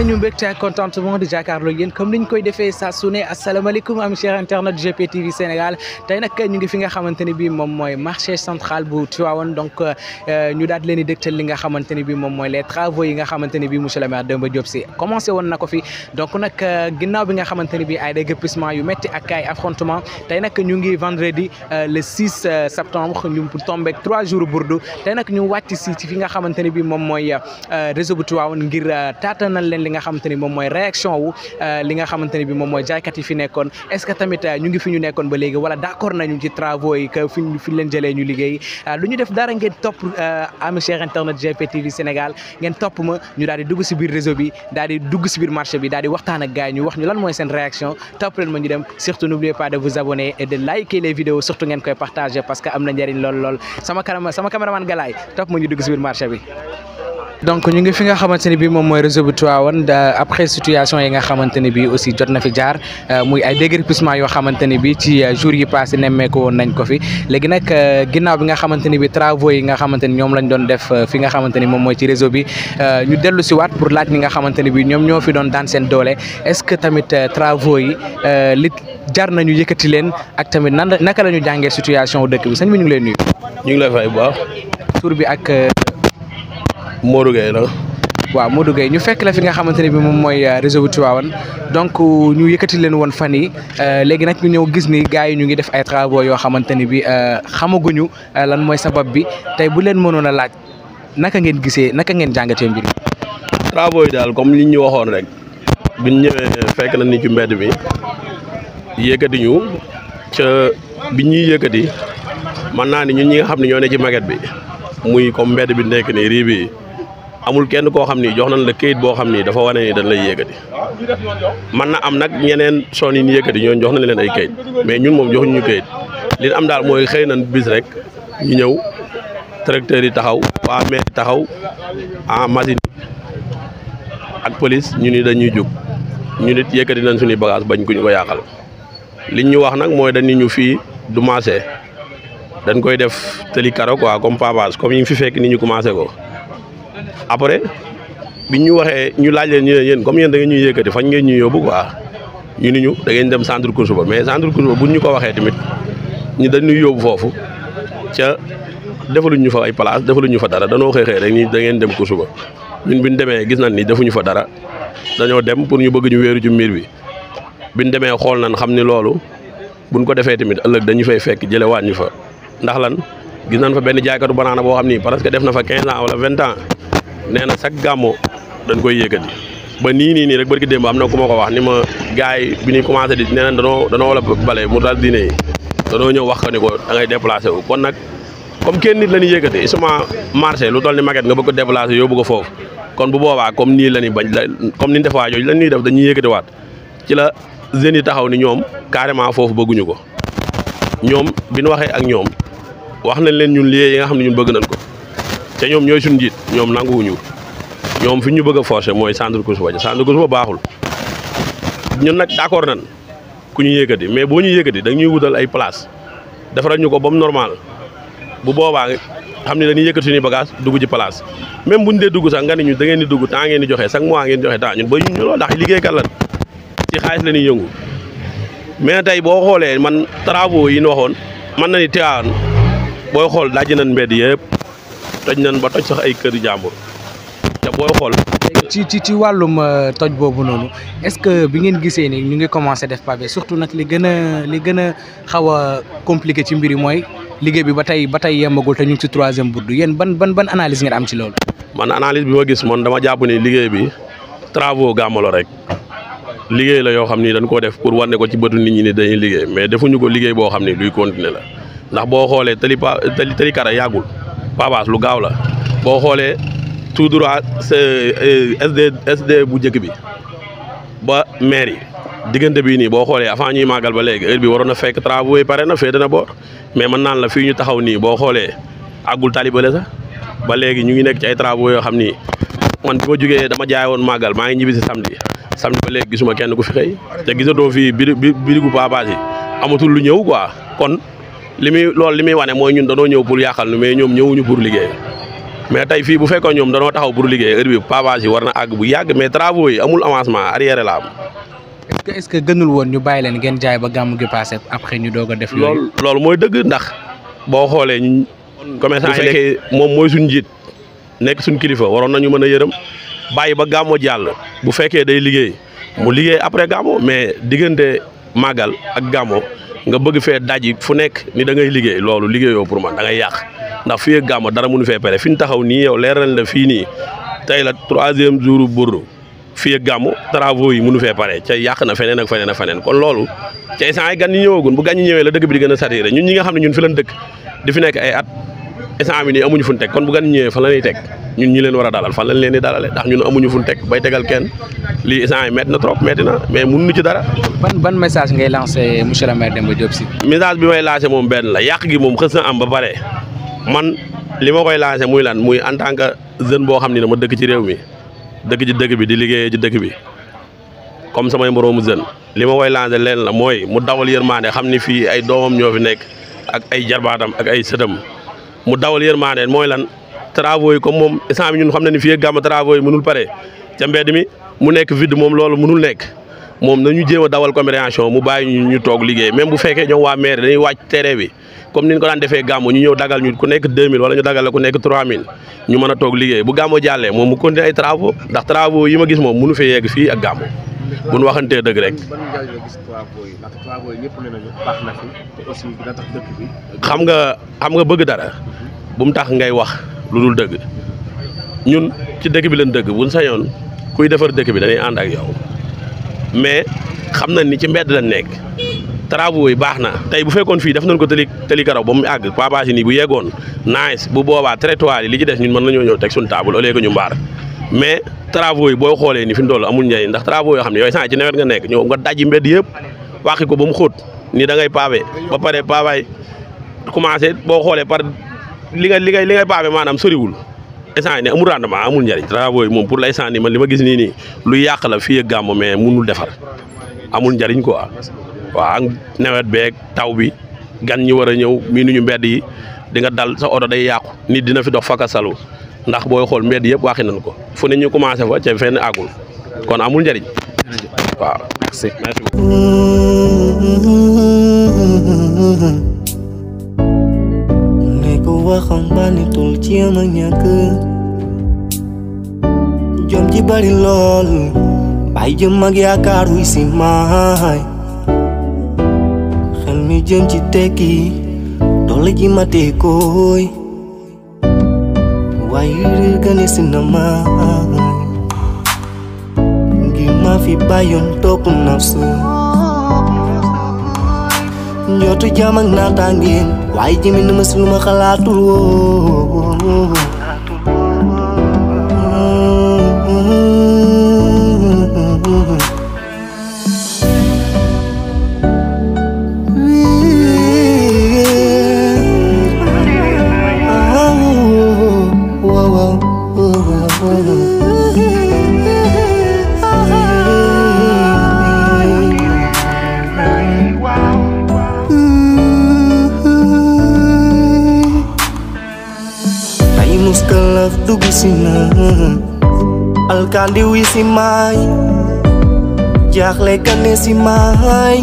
nañu mbégte ak contentement di jàkkaarloo yéen comme niñ koy defee saa su ne asalaamaaleykum am cher internet GPTV Sénégal tey nag ñu ngi euh, leen di li nga xamante ne bii moom mooy nga xamante ne bii monsieur le maire Demba Diop ko fi donc nag euh, ginnaaw bi nga xamante ne bii ay déguerpissement yu métti ak affrontement tey nag ñu ngi vendredi euh, le 6 septembre ñu trois jours burdu tey nag ñu wàcc si fi nga xamante ne bii réseau bu li nga xamante ni moom mooy réaction wu euh, li nga xamante ni bi moom mooy jaaykat yi fi nekkoon est-ce que tamit euh, ñu ngi fi ñu nekkoon ba léegi wala d'accord nañu ci travaux yi que fi ñu leen jëlee ñu liggéey euh, lu ñu def dara ngeen topp ami cher internet GPTV Sénégal ngeen topp ma ñu daal di dugg si biir réseau bi daal di dugg si biir marché bi daal di waxtaan ak gars yi ñu wax ñu lan mooy seen réaction topp leen ma ñu dem surtout n'oubliez pas de vous abonner et de liker les vidéos surtout ngeen koy partager que am na njëriñ lool lool sama ma donc ñu ngi fi nga xamante ni bii moom mooy réseau bu Tivaouane après situation yi nga xamante ni bii aussi jot na fi jaar euh, muy ay déguerpissement yoo xamante ni bii ci euh, jour yi passé nemmeeku woon nañ ko fi léegi nag euh, ginnaaw bi nga xamante ni bii travaux yi nga xamante ni ñoom lañ doon def fi nga xamante ni moom mooy ci réseau bi ñu dellu si waat pour laaj ñi nga xamante ni bii ñoom ñoo fi doon daan seen doole est-ce que tamit travaux yi li jar nañu yëkkati leen ak tamit nan naka la ñu jàngee situation dëkk bi sëñ bi ñu ngi lay nuyu. ñu ngi lay fay bu baax. Modou Gueye la. waaw Modou Gueye ñu fekk la fi nga xamante ne bi moom mooy euh, réseau bu Tivaouane donc euh, ñu yëkkati leen woon fan yi euh, léegi nag ñu ñëw gis ni gars yi ñu ngi def ay travaux yoo xamante ni bi xamaguñu lan mooy sabab bi tey bu leen mënoon a laaj naka ngeen gisee naka ngeen jàngatee mbir mi. travaux yi daal comme li ñu waxoon rek biñ ñëwee fekk na ni ci mbedd bi yëkkati ñu ca bi ñuy yëkkati mën naa ni ñu ñi nga xam ne ñoo ne ci maget bi muy kom mbedd bi nekk nii riib bi amul kenn koo xam ni jox nañ la kayit boo xam ni dafa wane ni dañ lay yëkkati mën na am nag ñeneen son yi ñu yëkkati ñooñu jox nañ leen ay kayit mais ñun moom joxuñu ñu kayit li ñu am daal mooy xëy nañ bis rek ñu ñëw tracteurs yi taxaw waa mairie taxaw ah machine ak police ñu ni dañuy jóg ñu nit yëkkati nañ suñuy bagage bañ kuñ ko yàqal liñ ñu wax nag mooy dañu ñu fii du marché dañ koy def tëli karo quoi comme pavage comme yi ngi fi fekk ni ñu commencé ko après biñ ñu waxee ñu laaj leen ñu ne comme yéen da ngeen ñuy yëkkati fañ ngeen ñuy yóbbu quoi ñu ni ñu dangeen dem centre course ba mais centre course ba buñ ñu ko waxee tamit ñu dañuy yoobu foofu ca defaluñ ñu fa ay place defaluñ ñu fa dara danoo xëy xëy rek ni da ngeen dem course ba ñun biñ demee gis nañ ni defuñu fa dara dañoo dem pour ñu bëgg ñu wéeru ju miir bi bi ñu demee xool nañ xam ni loolu bu ñu ko defee tamit ëllëg dañu fay fekk jële waat ñu fa ndax lan gis nañ fa benn jaaykatu banaana boo xam ni parce que def na fa 15 ans wala 20 ans nee na chaque gàmmu dañ koy yëkkati ba nii nii nii rek barki démb am na ku ma ko wax ni ma gars yi bi ñuy commencé di nee na danoo danoo wala bale mu dal diine yi danoo ñëw wax ko ni ko da ngay déplacé wu kon nag comme kenn nit la ñuy yëkkati suma marché lu toll ni maquette nga bëgg ko déplacé yóbbu ko foofu kon bu boobaa comme nii la ñuy bañ comme ni def waa jooju la ñuy def dañuy yëkkatiwaat ci la jeunes yi taxaw ni ñoom carrément foofu bëgguñu ko ñoom bi ñu waxee ak ñoom wax nañ leen ñun lieu yi nga xam ne ñun bëgg nañ ko te ñoom ñooy suñu jiit ñoom nanguwuñu ñoom fi ñu bëgg a forcer mooy centre Koussouba centre Koussouba baaxul ñun nag d'accord nan ku ñu yëkkati mais boo ñu yëkkati dañuy wutal ay place defaral ñu ko ba mu normal bu boobaa xam ne dañuy yëkkati suñuy bagage dugg ci place même bu ñu dee dugg sax nga ne ñu da di dugg temps ngeen di joxe chaque mois ngeen joxe temps ñun ba ñu loolu ndax liggéeykat lan ci xaalis la ñuy yëngu mais tey boo xoolee man travaux yi nu waxoon mën na ni Tivaouane booy xool dajji nañ mbedd yëpp. toj nañ ba toj sax ay kër jàmbur te boo xool. ci ci ci wàllum euh, toj boobu noonu est-ce que bi ngeen gisee ni ñu ngi commencé def pavé surtout nag li gën a li gën xaw a compliqué ci mbir yi mooy liggéey bi ba tey ba tey yembagul te ñu ngi ci troisième bourde yéen ban ban ban analyse ngeen am ci loolu. man analyse bi ma gis man dama jàpp ni liggéey bi travaux gàmmalo rek liggéey la yoo xam ni dañ koo def pour ne ko ci bëtu nit ñi ni dañuy liggéey mais defuñu ko liggéey boo xam ni luy continuer la ndax boo xoolee tali pa tali tali kara yàggul. paabaas lu gaaw la boo xoolee tout droit SD euh, SD bu njëkk bi ba maire yi diggante bi nii boo xoolee avant ñuy màggal ba léegi heure bi waroon na fekk travaux yi pare na féete na boor mais man naan la fii ñu taxaw nii boo xoolee àggul talibale sax ba léegi ñu ngi nekk ci ay travaux yoo xam ni man bi ma jógee dama jaay woon màggal maa ngi ñibbi si samedi samedi ba léegi gisuma kenn ku fi xëy te gisatoo fii biri birigu paabaas yi amatul lu ñëw quoi kon li muy loolu li muy wane mooy ñun danoo ñëw pour yàqal nu mais ñoom ñëwuñu pour liggéey mais tey fii bu fekkoon ñoom danoo taxaw pour liggéey heure bi pavage yi war na àgg bu yàgg mais travaux yi amul avancement arrière la am. est-ce que est-ce que gënul woon ñu bàyyi leen ngeen jaay ba gàmm gi passé après ñu doog a def. loolu loolu mooy dëgg ndax boo xoolee ñu. commerçant yi nekk moom mooy suñu njiit nekk suñu kilifa waroon nañu mën a yërëm bàyyi ba gàmmo jàll bu fekkee day liggéey mu liggéey après gàmmo mais diggante màggal ak gàmmo nga bëgg fee daj fu nekk ni da ngay liggéey loolu liggéeyoo pour man da yàq ndax fii ak dara mënu fee pare fi ñu taxaw nii yow leer nañ la fii nii tey la troisième jour Bordeaux fii ak gàmm travaux yi mënu fee pare ca yàq na feneen ak feneen ak feneen kon loolu ca instant yi gan ñi ñëwagun bu gan ñi ñëwee la dëkk bi di gën a saturé ñun ñi nga xam ne ñun fi lañ dëkk di fi nekk ay at instant bi nii amuñu fu ñu teg kon bu gan ñëwee fa la ñuy teg ñun ñi leen war a dalal fan lañ leen di dalale ndax ñun amuñu fuñ teg bay tegal kenn lii instant yi métti trop métti mais mënuñu ci dara. ban message ngay lancé monsieur le maire Demba Diop Sy. message bi may lancé moom benn la yàq gi moom xës na am ba pare man li ma koy lancé muy lan muy en tant que jeune boo xam ne dama dëkk ci réew mi dëkk ci dëkk bi di liggéeye ci dëkk bi comme samay moroomu jeune li ma koy lancé leen la mooy mu dawal yërmande xam ni fii ay ñoo fi nekk ak ay jarbaatam ak ay sëtam travaux yi comme moom instant bi ñun xam na ni fii ak gàmm travaux yi mënul pare ca mbedd mi mu nekk vide moom loolu mënul nekk moom na ñu a dawal commériation mu bàyyi ñu toog liggéey même bu fekkee ñoom waa maire dañuy wàcc tere bi comme ni ñu ko daan defee gàmmu ñu ñëw dagal ñu ku nekk 2000 wala ñu dagal la ku nekk 3000 ñu mën a toog liggéey bu gàmmu jàllee moom mu continuer ay travaux ndax travaux yi ma gis moom mënu fee yegg fii ak gàmmu bu ñu waxantee dëgg rek. xam nga xam nga bëgg dara mu tax ngay wax. lu dul dëgg ñun ci dëkk bi lañ dëgg buñ sañoon kuy defar dëkk bi dañuy ànd ak yow mais xam na ni ci mbedd lañ nekk travaux yi baax na tey bu fekkoon fii def nañ ko tëli tëli karaw ba mu àgg pavage yi nii bu yeggoon nice bu boobaa trottoir yi li ci des ñun mën nañoo ñëw teg suñu table au lieu que ñu mbaar mais travaux yi boo xoolee ni fi mu toll amul njëriñ ndax travaux yoo xam ne yooyu sànq ci nawet nga nekk ñëw nga dajji mbedd yëpp waxi ko ba mu xóot nii da ngay pavé ba pare pavaay commencé boo xoolee par li nga li nga li nga baabe maanaam soriwul instant yi ne amul rendement amul njëriñ travaux yi moom pour l'instant nii ma li ma gis nii nii lu yàq la fii gàmmu gàmm mais munul defar amul njëriñ quoi waaw ak nawet beeg taw bi gan ñi war a ñëw ñu mbedd yi di nga dal sa oto day yàqu nit dina fi dox faka salu ndax booy xool mbedd yëpp waxi nañ ko fu ne ñu commencé fa ca fenn àggul kon amul njëriñ waaw waxambaane ni toll ci am ak ñàkk jom ji bari lool bàyyi jëm ak yaakaar wuy si xel mi jëm ci tekki doole ji matee kooy waaye réer gane si na maay ma fi bàyyoon topp nafsu njootu jaam ak naataangeen waaye jëmi na ma si lu ma xalaatul woo lëf dugg si na alkandi wi si maay jaaxle kane si maay